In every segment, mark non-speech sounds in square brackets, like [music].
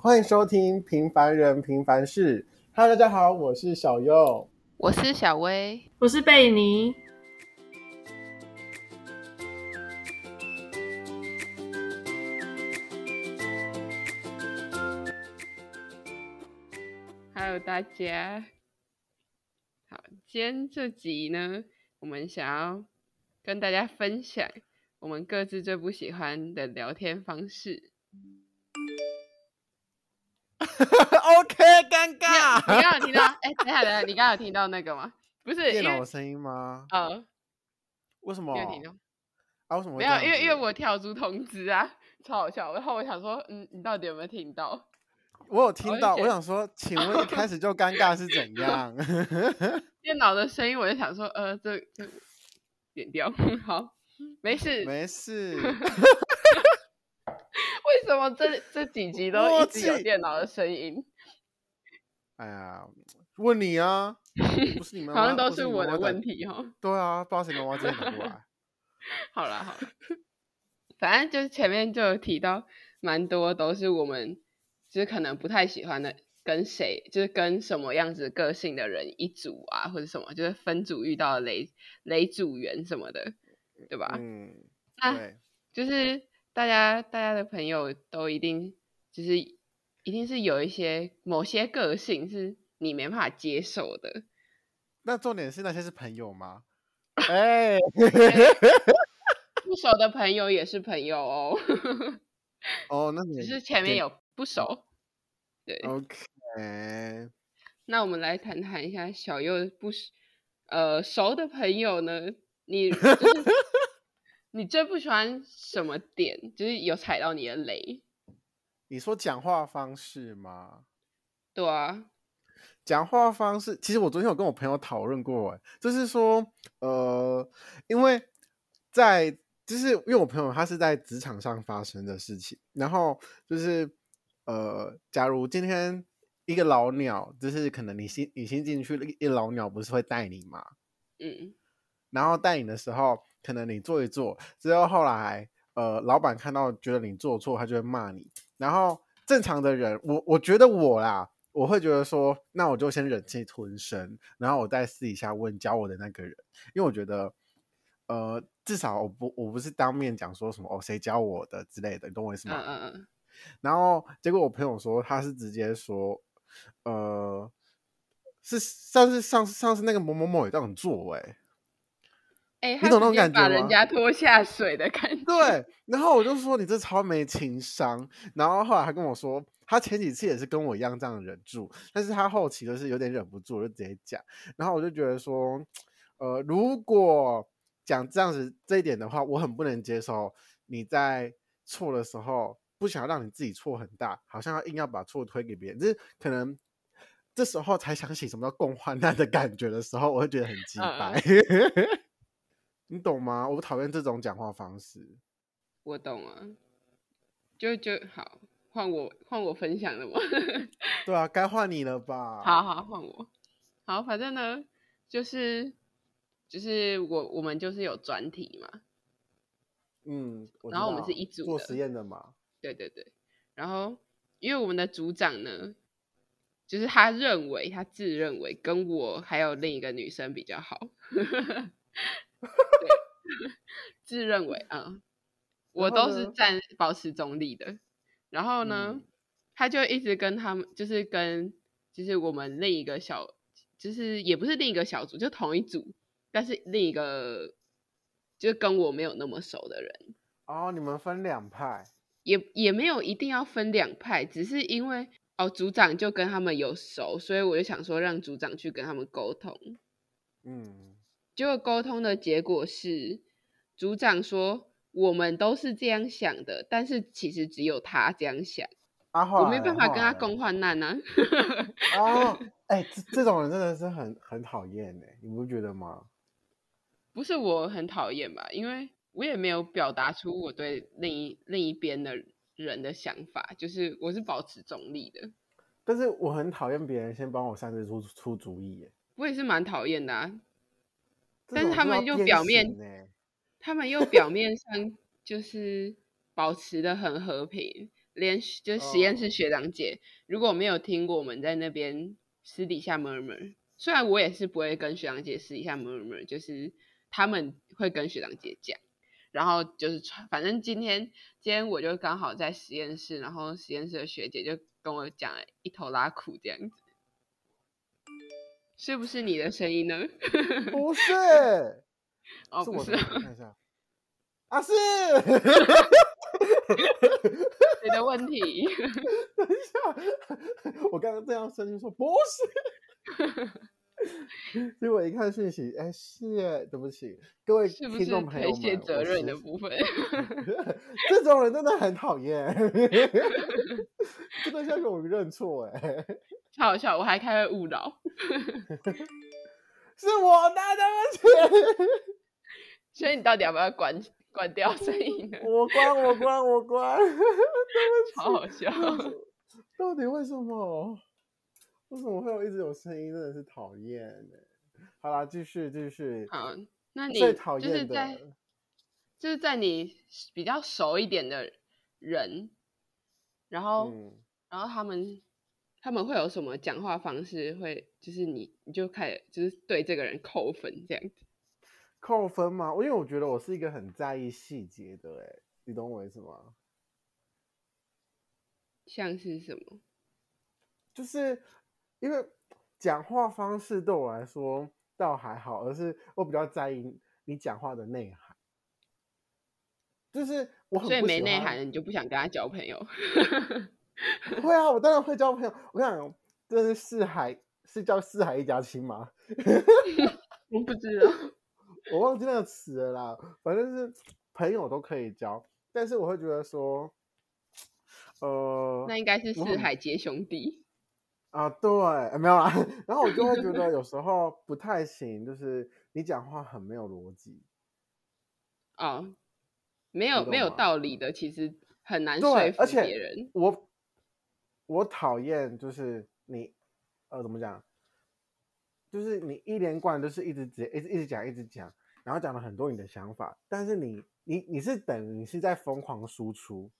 歡迎收聽《平凡人平凡事》。Hello，大家好，我是小 yo，我是小 wei，我是貝 ni。Hello，大家好，今天這集呢，我們想要跟大家分享我們各自最不喜歡的聊天方式。 [laughs] OK，尷尬。你，你剛，剛有聽到，哎， [laughs] 等下，等下，你剛，剛有聽到那個嗎？不是電腦的聲音嗎？啊、呃？為什麼？沒有，因為因為我跳出通知啊，超好笑。然後我想說，嗯，你到底有沒有聽到？我有聽到。Oh, okay. 我想說，請問一開始就尷尬是怎樣？電腦的聲音，我就想說，呃，這點掉好，沒事，沒事。 [laughs] 怎麼這這幾集都一直有電腦的聲音？ [laughs] 哎呀，問你啊，不是你 [laughs] 好像都是我的問題哈、哦。 [laughs] 對啊，不知道什麼時候會接不過來。好了好了，反正就是前面就有提到，蠻多都是我們就是可能不太喜歡的，跟誰就是跟什麼樣子個性的人一組啊，或者什麼就是分組遇到的雷雷組員什麼的，對吧？嗯，那對就是。大家，大家的朋友都一定就是，一定是有一些某些個性是你沒辦法接受的。那重點是那些是朋友嗎？哎，不熟的朋友也是朋友哦。哦 [laughs] ，oh, 那你只是前面有不熟。對。OK。那我們來談談一下小 yo 不熟，呃，熟的朋友呢？你、就是。 [laughs] 你最不喜歡什麼點？就是有踩到你的雷。你說講話方式嗎？對啊，講話方式。其實我昨天有跟我朋友討論過，誒，就是說，呃，因為在，就是因為我朋友他是在職場上發生的事情，然後就是，呃，假如今天一個老鳥，就是可能你新你新進去一，一老鳥不是會帶你嗎？嗯，然後帶你的時候。可能你做一做，之後後來，呃，老闆看到覺得你做錯，他就會罵你。然後正常的人，我我覺得我啦，我會覺得說，那我就先忍氣吞聲，然後我再私底下問教我的那個人，因為我覺得，呃，至少我不我不是當面講說什麼哦，誰教我的之類的，跟罵你懂我意思嗎？嗯嗯、uh uh. 然後結果我朋友說他是直接說，呃，是上次上次上次那個某某某也這樣做哎、欸。哎，你懂那種感覺，把人家拖下水的感覺，懂懂感覺。對，然後我就說，你這超沒情商。然後後來他跟我說，他前幾次也是跟我一樣這樣忍住，但是他後期就是有點忍不住，就直接講。然後我就覺得說，呃，如果講這樣子這一點的話，我很不能接受。你在錯的時候不想要讓你自己錯很大，好像要硬要把錯推給別人，就是可能這時候才想起什麼叫共患難的感覺的時候，我會覺得很雞掰。啊 [laughs] 你懂嗎？我討厭這種講話方式。我懂啊，就就好換我換我分享了嗎？ [laughs] 對啊，該換你了吧？好好換我。好，反正呢，就是就是我我們就是有專題嘛。嗯，然後我們是一組做實驗的嘛。對對對，然後因為我們的組長呢，就是他認為他自認為跟我還有另一個女生比較好。 [laughs] 自、 [laughs] 就是、認為啊，嗯、我都是站保持中立的。然後呢，嗯、他就一直跟他們，就是跟就是我們另一個小，就是也不是另一個小組，就同一組，但是另一個就跟我沒有那麼熟的人。哦，你們分兩派，也也沒有一定要分兩派，只是因為哦，組長就跟他們有熟，所以我就想說讓組長去跟他們溝通。嗯。就溝通的結果是，組長說我們都是這樣想的，但是其實只有他這樣想，啊、我沒辦法跟他共患難吶、啊。 [laughs] 哦，哎、欸， [laughs] 這這種人真的是很很討厭呢。你不覺得嗎？不是我很討厭吧，因為我也沒有表達出我對另一另一邊的人的想法，就是我是保持中立的。但是我很討厭別人先幫我上去出出主意耶，哎，我也是蠻討厭的、啊。但是他們又表面，欸、他們又表面上就是保持得很和平， [laughs] 連就實驗室學長姐、oh. 如果我沒有聽過我們在那邊私底下 murmur，雖然我也是不會跟學長姐私底下 murmur，就是他們會跟學長姐講，然後就是反正今天今天我就剛好在實驗室，然後實驗室的學姐就跟我講一拖拉庫這樣子。是不是你的聲音呢？不是，是我 [laughs] 哦，不是，是我，我看一下，啊是，你 [laughs] 的問題。等一下，我剛剛這樣聲音說不是，結果 [laughs] 一看訊息，哎、欸、是，對不起，各位聽眾朋友們，有些責任的部分，試試 [laughs] 這種人真的很討厭， [laughs] 這都像是我認錯哎、欸。太好笑，我還開會誤聊， [laughs] 是我的對不起。所以你到底要不要關關掉聲音呢？ [laughs] 我關，我關，我關， [laughs] 對不起，好好笑。到底為什麼？為什麼會有一直有聲音？真的是討厭、欸。好啦，繼續，繼續。好，那你就是在，就是在你比較熟一點的人，然後，嗯、然後他們。他們會有什麼講話方式？會就是你，你就開始就是對這個人扣分這樣子，扣分嗎？因為我覺得我是一個很在意細節的、欸，哎，你懂我意思嗎？像是什麼？就是因為講話方式對我來說倒還好，而是我比較在意你講話的內涵。就是我很不喜歡所以沒內涵，你就不想跟他交朋友。 [laughs] [laughs] 會啊，我當然會交朋友。我想，這是四海是叫四海一家親嗎？ [laughs] 我不知道，我忘記那個詞了啦。反正是朋友都可以交，但是我會覺得說，呃，那應該是四海皆兄弟啊。對，欸、沒有啊。然後我就會覺得有時候不太行， [laughs] 就是你講話很沒有邏輯啊，沒有沒有道理的，其實很難說服別人。而且我。我討厭就是你，呃，怎麼講？就是你一連貫就是一直接一直一直講一直講，然後講了很多你的想法，但是你你你是等於是在瘋狂輸出，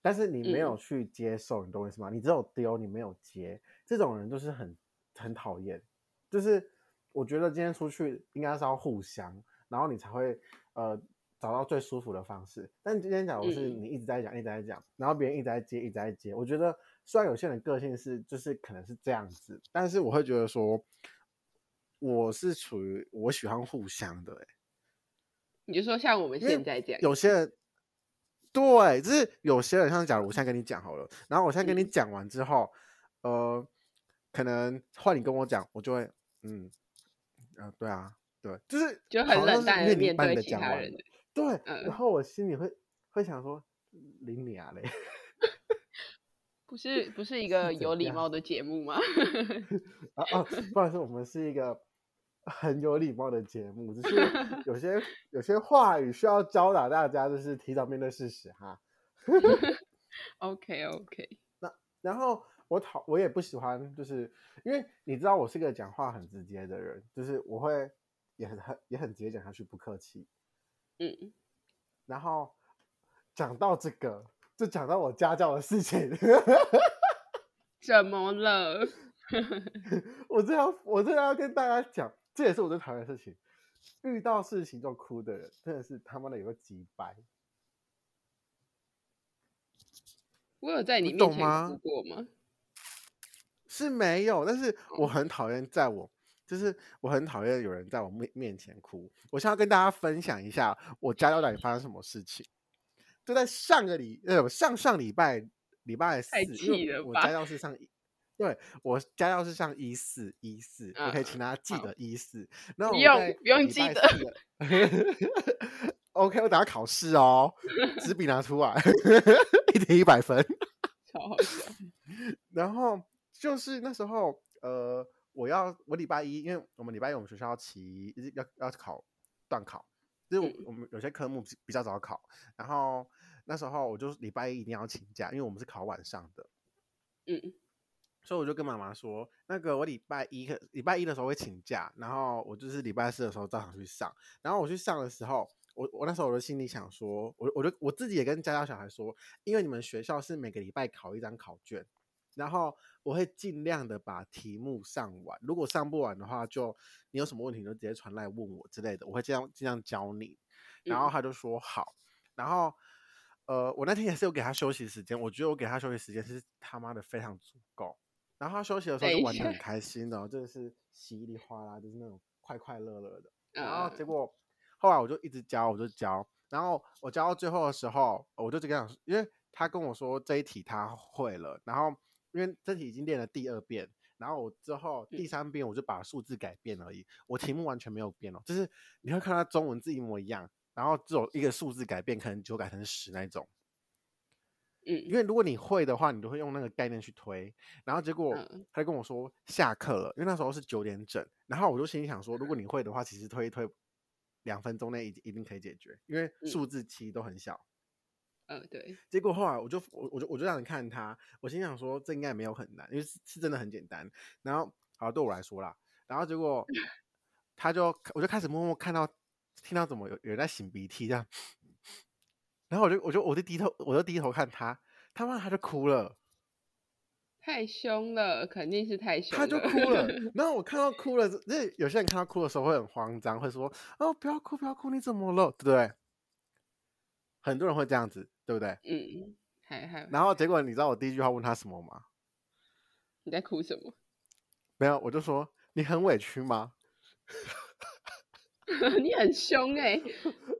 但是你沒有去接受，你懂我意思嗎？你只有丟，你沒有接。這種人就是很很討厭，就是我覺得今天出去應該是要互相，然後你才會呃。找到最舒服的方式。但今天假如是你一直在講，嗯、一直在講，然後別人一直在接，一直在接，我覺得雖然有些人個性是就是可能是這樣子，但是我會覺得說，我是屬於我喜歡互相的、欸。哎，你就說像我們現在這樣，有些人，對，就是有些人像假如我現在跟你講好了，然後我現在跟你講完之後，嗯、呃，可能換你跟我講，我就會，嗯，啊，對啊，對，就是就很冷淡的面對其他人。對，然後我心裡會、嗯、會想說，林裡啊嘞，不是不是一個有禮貌的節目嗎？啊怎 [laughs] 啊，哦、不好意思，我們是一個很有禮貌的節目， [laughs] 只是有些有些話語需要教導大家，就是提早面對事實哈。 [laughs] [laughs] OK OK，那然後我討我也不喜歡，就是因為你知道我是一個講話很直接的人，就是我會也很很也很直接講下去，不客氣。嗯，然後講到這個，就講到我家教的事情。 [laughs] 怎麼了？ [laughs] 我這要，我這要跟大家講，這也是我最討厭的事情。遇到事情就哭的人，真的是他媽的有個機掰。我有在你面前哭過嗎？嗎是沒有，但是我很討厭在我。就是我很討厭有人在我面面前哭。我想要跟大家分享一下我家教到底發生什麼事情。就在上個禮，呃，上上禮拜禮拜四了我，我家教是上一，啊，對，我家教是上一四一四，我可以請大家記得一四好。然後不用不用記得。 [laughs] OK，我等下考試哦，紙筆拿出來， [laughs] [laughs] 一題一百分，超好笑。 [laughs] 然後就是那時候，呃。我要我禮拜一，因為我們禮拜一我們學校要期要要考段考，就是我,、嗯、我們有些科目比較早考。然後那時候我就禮拜一一定要請假，因為我們是考晚上的。嗯，所以我就跟媽媽說，那個我禮拜一禮拜一的時候會請假，然後我就是禮拜四的時候照常去上。然後我去上的時候，我我那時候我就心裡想說，我我就我自己也跟家教小孩說，因為你們學校是每個禮拜考一張考卷。然後我會儘量的把題目上完，如果上不完的話就，就你有什麼問題就直接傳來問我之類的，我會儘量儘量教你。然後他就說好，然後呃，我那天也是有給他休息時間，我覺得我給他休息時間是他媽的非常足夠。然後他休息的時候就玩的很開心的，真的、哎、呀是稀里嘩啦，就是那種快快樂樂的。然後結果後來我就一直教，我就教，然後我教到最後的時候，我就只跟他說，因為他跟我說這一題他會了，然後。因為這題已經練了第二遍，然後我之後第三遍，我就把數字改變而已，嗯、我題目完全沒有變哦，就是你會看到中文字一模一樣，然後只有一個數字改變，可能九改成十那種。嗯、因為如果你會的話，你都會用那個概念去推，然後結果他就跟我說下課了，嗯、因為那時候是九點整，然後我就心裡想說，如果你會的話，其實推一推，兩分鐘內一一定可以解決，因為數字其實都很小。嗯嗯，對。結果後來我就我我就我就這樣子看他，我心想說這應該也沒有很難，因為是是真的很簡單。然後好對我來說啦，然後結果他就我就開始默默看到聽到怎麼有有人在擤鼻涕這樣，然後我就我就我就低頭我就低頭看他，他突他就哭了，太兇了，肯定是太兇了。他就哭了，然後我看到哭了，那 [laughs] 有些人看到哭的時候會很慌張，會說哦不要哭不要哭，你怎麼了對不對？很多人會這樣子，對不對？嗯，然後結果你知道我第一句話問他什麼嗎？你在哭什麼？沒有，我就說你很委屈嗎？ [laughs] 你很凶哎、欸！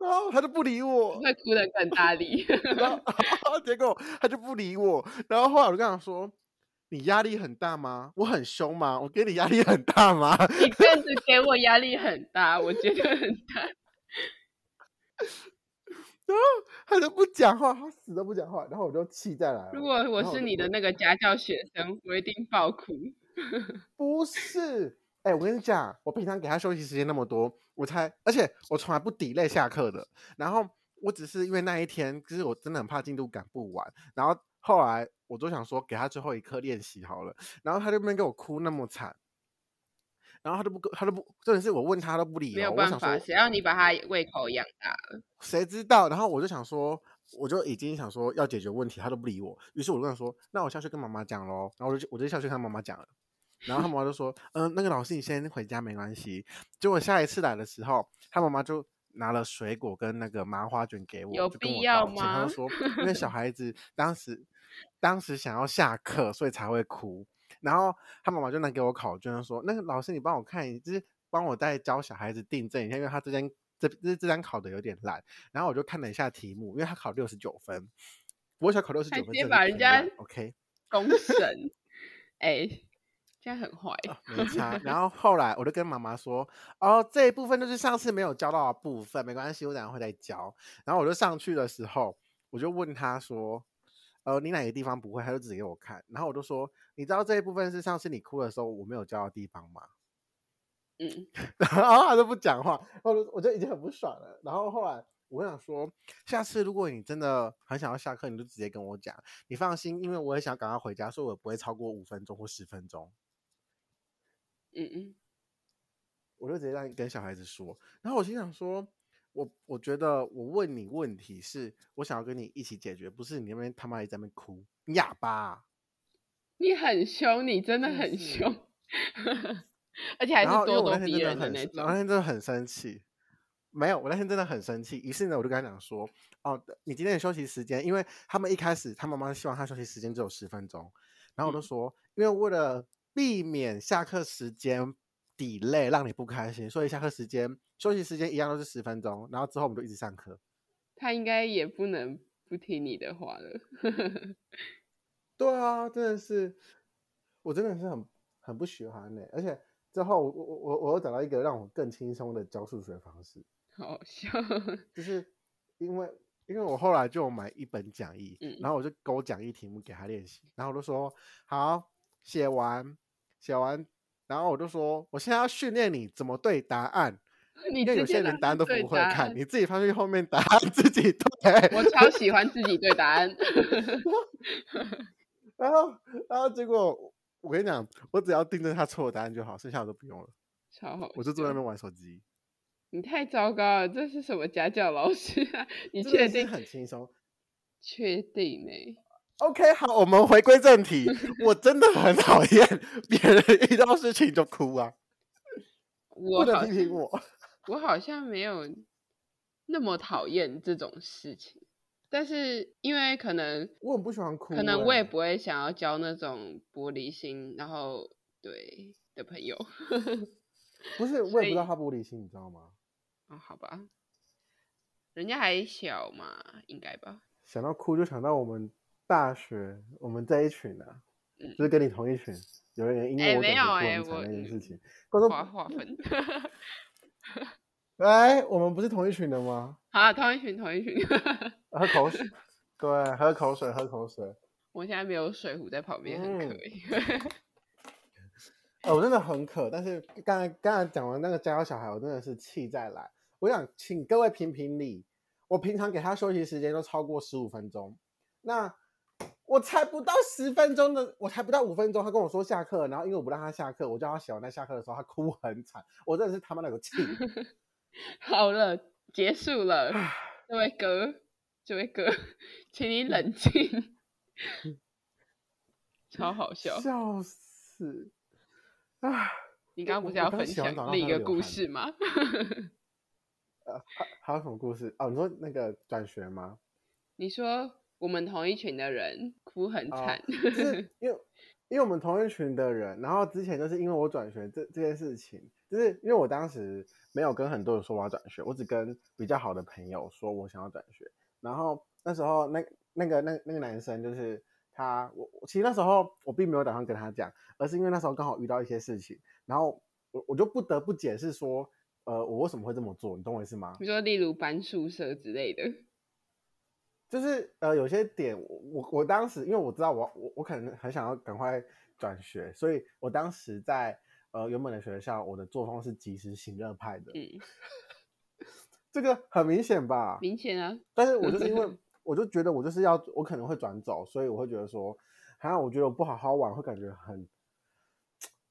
然後他就不理我，會哭得更大力。 [laughs] 然後然後結果他就不理我，然後後來我就跟他說：“你壓力很大嗎？我很凶嗎？我給你壓力很大嗎？”你這 [laughs] 樣子給我壓力很大，我覺得很大。 [laughs] 然後他都不講話，他死都不講話，然後我就氣在來了。如果我是我你的那個家教學生，我一定爆哭。 [laughs] 不是，哎、欸，我跟你講，我平常給他休息時間那麼多，我才，而且我從來不 delay 下課的。然後我只是因為那一天，就是我真的很怕進度趕不完。然後後來我都想說，給他最後一課練習好了。然後他就在那邊給我哭那麼慘。然後他都不跟，他都不，重點是我問他，他都不理我。沒有辦法，誰要你把他胃口養大？誰知道？然後我就想說，我就已經想說要解決問題，他都不理我。於是我就想說，那我下去跟媽媽講咯，然後我就我就下去跟他媽媽講了。然後他媽媽就說：“ [laughs] 嗯，那個老師，你先回家沒關係。”結果下一次來的時候，他媽媽就拿了水果跟那個麻花卷給我，有必要嗎？就跟我道歉。他就說：“因為小孩子當時， [laughs] 當時，當時想要下課，所以才會哭。”然後他媽媽就拿給我考卷，就說：“那老師，你幫我看，就是幫我再教小孩子訂正一下，因為他這張這這這張考的有點爛。”然後我就看了一下題目，因為他考六十九分，我想考六十九分。直接把人家 OK 公神。Okay [laughs] 哎，這樣很壞。哦，沒差。然後後來我就跟媽媽說：“ [laughs] 哦，這一部分就是上次沒有教到的部分，沒關係，我等下會再教。”然後我就上去的時候，我就問他說。呃，你哪個地方不會？他就指給我看，然後我就說，你知道這一部分是上次你哭的時候我沒有教的地方嗎？嗯， [laughs] 然後他就不講話，我就我就已經很不爽了。然後後來我想說，下次如果你真的很想要下課，你就直接跟我講。你放心，因為我也想趕快回家，所以我不會超過五分鐘或十分鐘。嗯嗯，我就直接讓你跟小孩子說。然後我心想說。我我覺得我問你問題是我想要跟你一起解決，不是你那邊他媽還在那邊哭，啞巴、啊，你很凶，你真的很凶，是 [laughs] 而且還是咄咄逼人的那種。我那天真的很生氣，沒有，我那天真的很生氣。於是呢，我就跟他講說，哦，你今天的休息時間，因為他們一開始他媽媽希望他休息時間只有十分鐘，然後我就說，嗯、因為為了避免下課時間。抵累，讓你不開心。所以下課時間、休息時間一樣都是十分鐘，然後之後我們就一直上課。他應該也不能不聽你的話了。 [laughs] 對啊，真的是，我真的是很很不喜歡呢、欸。而且之後我我我我又找到一個讓我更輕鬆的教數學方式，好笑，就是因為因為我後來就買一本講義，嗯然講義，然後我就勾我講義題目給他練習，然後我就說好，寫完寫完。寫完然後我就說，我現在要訓練你怎麼對答案。你看有些人答案都不會看，你自己翻去後面答案自己對。我超喜歡自己對答案。 [laughs] [laughs] 然後，然後結果我跟你講，我只要盯着他錯的答案就好，剩下的都不用了。超好，我就坐在那邊玩手機。你太糟糕了，這是什麼家教老師啊？你確定很輕鬆？確定沒、欸？OK，好，我們回歸正題。 [laughs] 我真的很討厭別人遇到事情就哭啊！我不能批評我，我好像沒有那麼討厭這種事情。但是因為可能我很不喜歡哭、欸，可能我也不會想要交那種玻璃心，然後對的朋友。 [laughs] 不是，我也不知道他玻璃心，所以，你知道嗎？哦，好吧，人家還小嘛，應該吧。想到哭就想到我們。大學，我們這一群的、啊，嗯、就是跟你同一群。有人因為我感覺不的件事情，廣州、欸欸、是劃，劃分。哎、 [laughs] 欸，我們不是同一群的嗎？好、啊，同一群，同一群 [laughs] 啊。喝口水，對，喝口水，喝口水。我現在沒有水壺在旁邊，嗯、很可以。 [laughs] 哦，我真的很渴，但是剛才剛才講完那個家教小孩，我真的是氣再來。我想請各位評評理，我平常給他休息時間都超過十五分鐘，那。我才不到十分鐘的，我才不到五分鐘，他跟我說下課，然後因為我不讓他下課，我叫他寫完再下課的時候，他哭很慘，我真的是他媽的有氣。 [laughs] 好了，結束了， [laughs] 這位哥，這位哥，請你冷靜。 [laughs] 超好笑，笑死！啊 [laughs] [laughs] 你剛剛不是要分享另一個故事嗎？呃、 [laughs] 啊，還有什麼故事哦、啊，你說那個轉學嗎？你說。我們同一群的人哭很慘。呃，就是，因為因為我們同一群的人，然後之前就是因為我轉學這這件事情，就是因為我當時沒有跟很多人說我要轉學，我只跟比較好的朋友說我想要轉學。然後那時候那那個那那個男生就是他，我其實那時候我並沒有打算跟他講，而是因為那時候剛好遇到一些事情，然後我我就不得不解釋說，呃，我為什麼會這麼做，你懂我意思嗎？比如說例如搬宿舍之類的。就是呃，有些點我我我當時，因為我知道我我我可能很想要趕快轉學，所以我當時在呃原本的學校，我的作風是及時行樂派的。嗯， [laughs] 這個很明顯吧？明顯啊！但是，我就是因為我就覺得我就是要我可能會轉走，所以我會覺得說，好像、 [laughs] 啊、我覺得我不好好玩，會感覺很，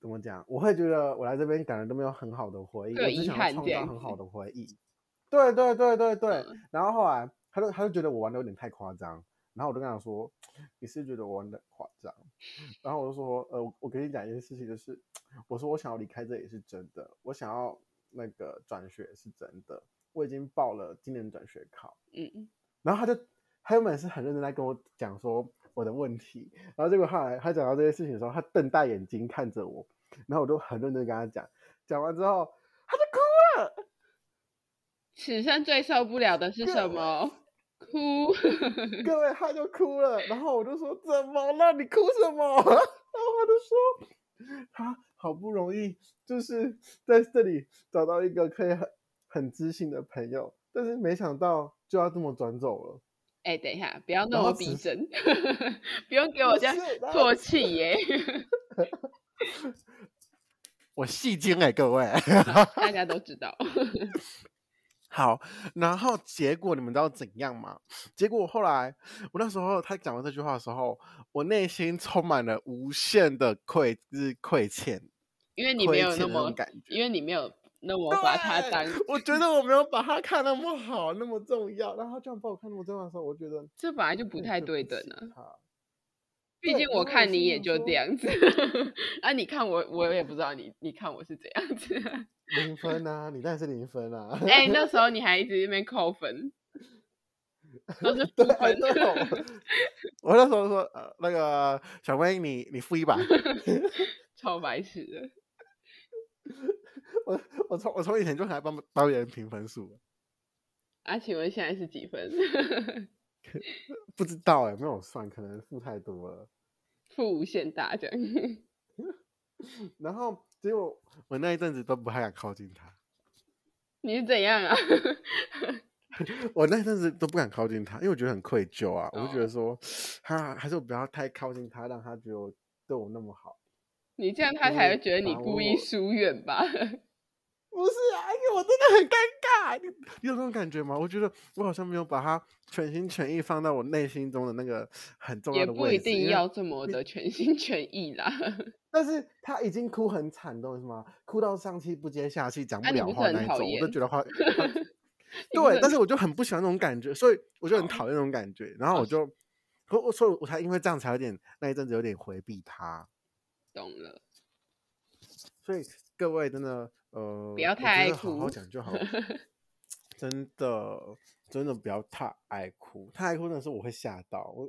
怎麼講？我會覺得我來這邊感覺都沒有很好的回憶，對我只想創造很好的回憶。對對對對對，對對對對嗯、然後後來。他就覺得我玩的有點太誇張，然後我就跟他說：“你是覺得我玩的誇張？”然後我就說：“呃，我跟你講一件事情，就是我說我想要離開這裡是真的，我想要那個轉學是真的，我已經報了今年轉學考。”嗯嗯。然後他就他原本是很認真在跟我講說我的問題，然後結果後來他講到這些事情的時候，他瞪大眼睛看着我，然後我就很認真跟他講。講完之後，他就哭了。此生最受不了的是什麼？哭， [laughs] 各位，他就哭了，然後我就說 [laughs] 怎麼了？你哭什麼？ [laughs] 然後他就說，他好不容易就是在這裡找到一個可以很很知心的朋友，但是沒想到就要這麼轉走了。哎、欸，等一下，不要那麼逼真。 [laughs] [laughs] 不用給我這樣唾棄耶。我戲精哎，各位， [laughs] 大家都知道。 [laughs] 好，然後結果你們知道怎樣嗎？結果後來，我那時候他講完這句話的時候，我內心充滿了無限的愧之、就是、虧欠。因為你沒有那麼那感覺，因為你沒有那麼把他當，對 [laughs] 我覺得我沒有把他看那麼好，那麼重要。然後他居然把我看那麼重要的時候，我覺得這本來就不太對等。 [laughs] 畢竟我看你也就這樣子，啊，你看我，我也不知道你，你看我是怎樣子？啊，零分啊，你當然是零分啊？哎、欸，那時候你還一直在那邊扣分， [laughs] 都是負分。我，我那時候說，呃，那個小 wei，你你負一百，超 [laughs] 白痴。我從我從我從以前就開始幫幫人評分數，啊，請問現在是幾分？ [laughs] [laughs] 不知道哎、欸，沒有算，可能付太多了，付無限大這樣。然後結果我那一陣子都不太敢靠近他。你是怎樣啊？我那一陣子都不敢靠近他，因為我覺得很愧疚啊。我就覺得說、啊，還是我不要太靠近他，讓他覺得對我那麼好。你這樣他才會覺得你故意疏遠吧？不是，啊，因為我真的很尷尬、啊你。你有這種感覺嗎？我覺得我好像沒有把他全心全意放在我內心中的那個很重要的位置。不一定要這麼的全心全意啦。但是他已經哭很慘，懂是嗎？哭到上氣不接下氣，講不了話那一種。啊、我都覺得話， [laughs] 他對，但是我就很不喜歡那種感覺，所以我就很討厭那種感覺。好然後我就，我好所以我才因為這樣才有點那一陣子有點回避他。懂了。所以各位真的。呃，不要太愛哭，好好講就好了。真的，真的不要太愛哭。 [laughs] 太愛哭的時候，我會嚇到。我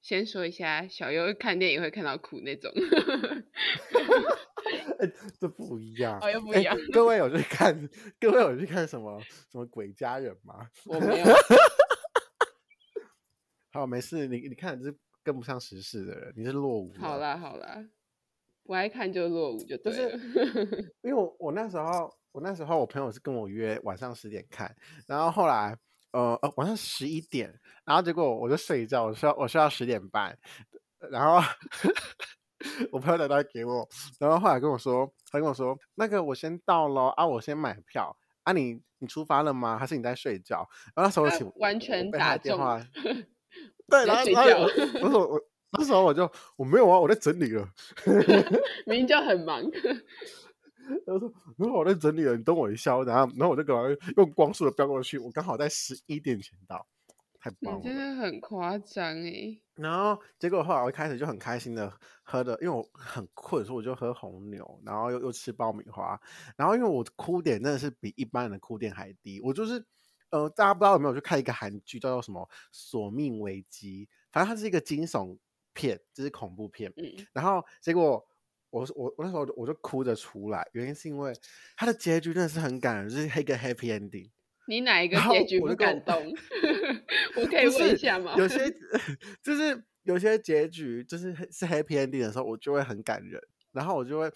先說一下，小優看電影會看到哭那種 [laughs] [laughs] 欸。這不一樣，哦不一樣欸，各位有去看，各位有去看什麼什麼《鬼家人》嗎？我沒有。 [laughs] 好，沒事。你你看，你是跟不上時事的人，你是落伍了。好了，好了。好啦不愛看就落伍，就對，就是。因為我我那時候，我那時候我朋友是跟我約晚上十點看，然後後來呃，呃晚上十一點，然後結果我就睡一覺，我睡到我睡到十點半，然後 [laughs] 我朋友打電話給我，然後後來跟我說，他跟我說那個我先到了啊，我先買票啊你，你你出發了嗎？還是你在睡覺？然後那時候我請完全打中我電話、啊， [laughs] 對，然後然後我說 [laughs] 我。 [laughs] 那時候我就我沒有啊，我在整理了。明 [laughs] 明 [laughs] 就很忙。他 [laughs] 說：“如果我在整理了，你等我一下，我等下，然後我就給我用光速的飆過去，我剛好在十一點前到，太棒了。你欸”真的很誇張。然後結果後來我一開始就很開心的喝的，因為我很困，所以我就喝紅牛，然後又又吃爆米花。然後因為我哭點真的是比一般人的哭點還低，我就是呃，大家不知道有沒有去看一個韓劇，叫做什麼《索命危機》，反正它是一個驚悚片，這是恐怖片，嗯，然後結果我我我那時候我就哭着出來，原因是因為它的結局真的是很感人，就是一個 happy ending。你哪一個結局不感動？我， [laughs] 我可以問一下嗎？有些就是有些結局就是是 happy ending 的時候，我就會很感人，然後我就會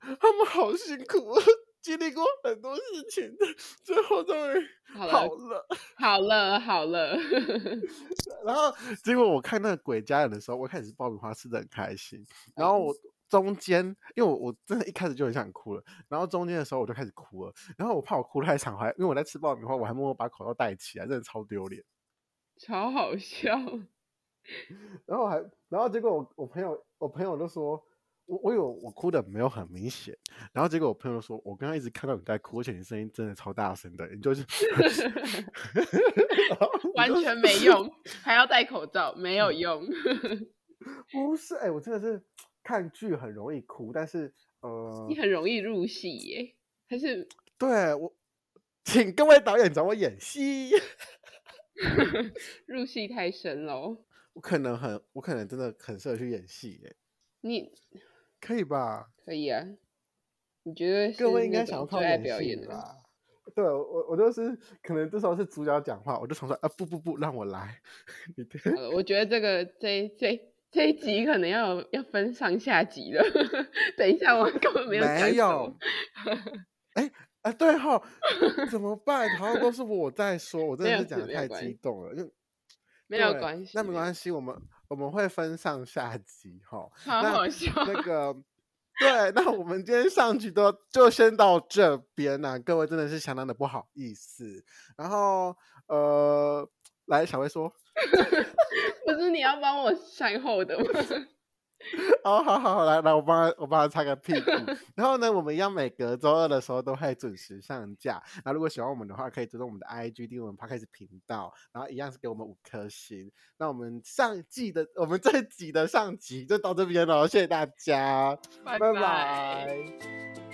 他們好辛苦了。經歷過很多事情，最後終於好了，好了，好了。 [laughs] 然後結果我看那個鬼家人的時候，我開始爆米花吃得很開心，然後我中間因為我我真的一開始就很想哭了，然後中間的時候我就開始哭了，然後我怕我哭太長，還因為我在吃爆米花，我還默默把口罩戴起來，真的超丟臉，超好笑。然後還然後結果我我朋友我朋友都說。我，我有我哭得沒有很明顯，然後結果我朋友說，我剛剛一直看到你在哭，而且你聲音真的超大聲的，你就是 [laughs] [laughs] 完全沒用， [laughs] 還要戴口罩， [laughs] 沒有用。 [laughs] 不是、欸，哎，我真的是看劇很容易哭，但是呃，你很容易入戲耶、欸，還是對我請各位導演找我演戲， [laughs] 入戲太深咯 [laughs] 我可能很，我可能真的很適合去演戲耶、欸，你。可以吧？可以啊，你覺得？各位應該想要看我表演吧？對，我我就是可能這時候是主角講話，我就想說啊不不不，讓我來。 [laughs] 我覺得這個這這一這一集可能要要分上下集了。 [laughs] 等一下，我根本沒有沒有。哎、 [laughs] 欸、啊，對吼， [laughs] 怎麼辦？好像都是我在說， [laughs] 我真的是講的太激動了。就，沒，沒有關係，那沒關係，有我們。我們會分上下集，哈，好那,那個，對，那我們今天上集都就先到這邊啦、啊， [laughs] 各位真的是相當的不好意思，然後呃，來小薇說， [laughs] 不是你要幫我善後的嗎？ [laughs] 好，好好好，來來，我幫他，我幫他擦個屁股。 [laughs] 然後呢，我們一樣，每隔周二的時候都會準時上架。那如果喜歡我們的話，可以追蹤我們的 IG，訂閱我們 Podcast 頻道。然後一樣是給我們五顆星。那我們上季的，我們這集的上集就到這邊了。謝謝大家，拜拜 bye。Bye bye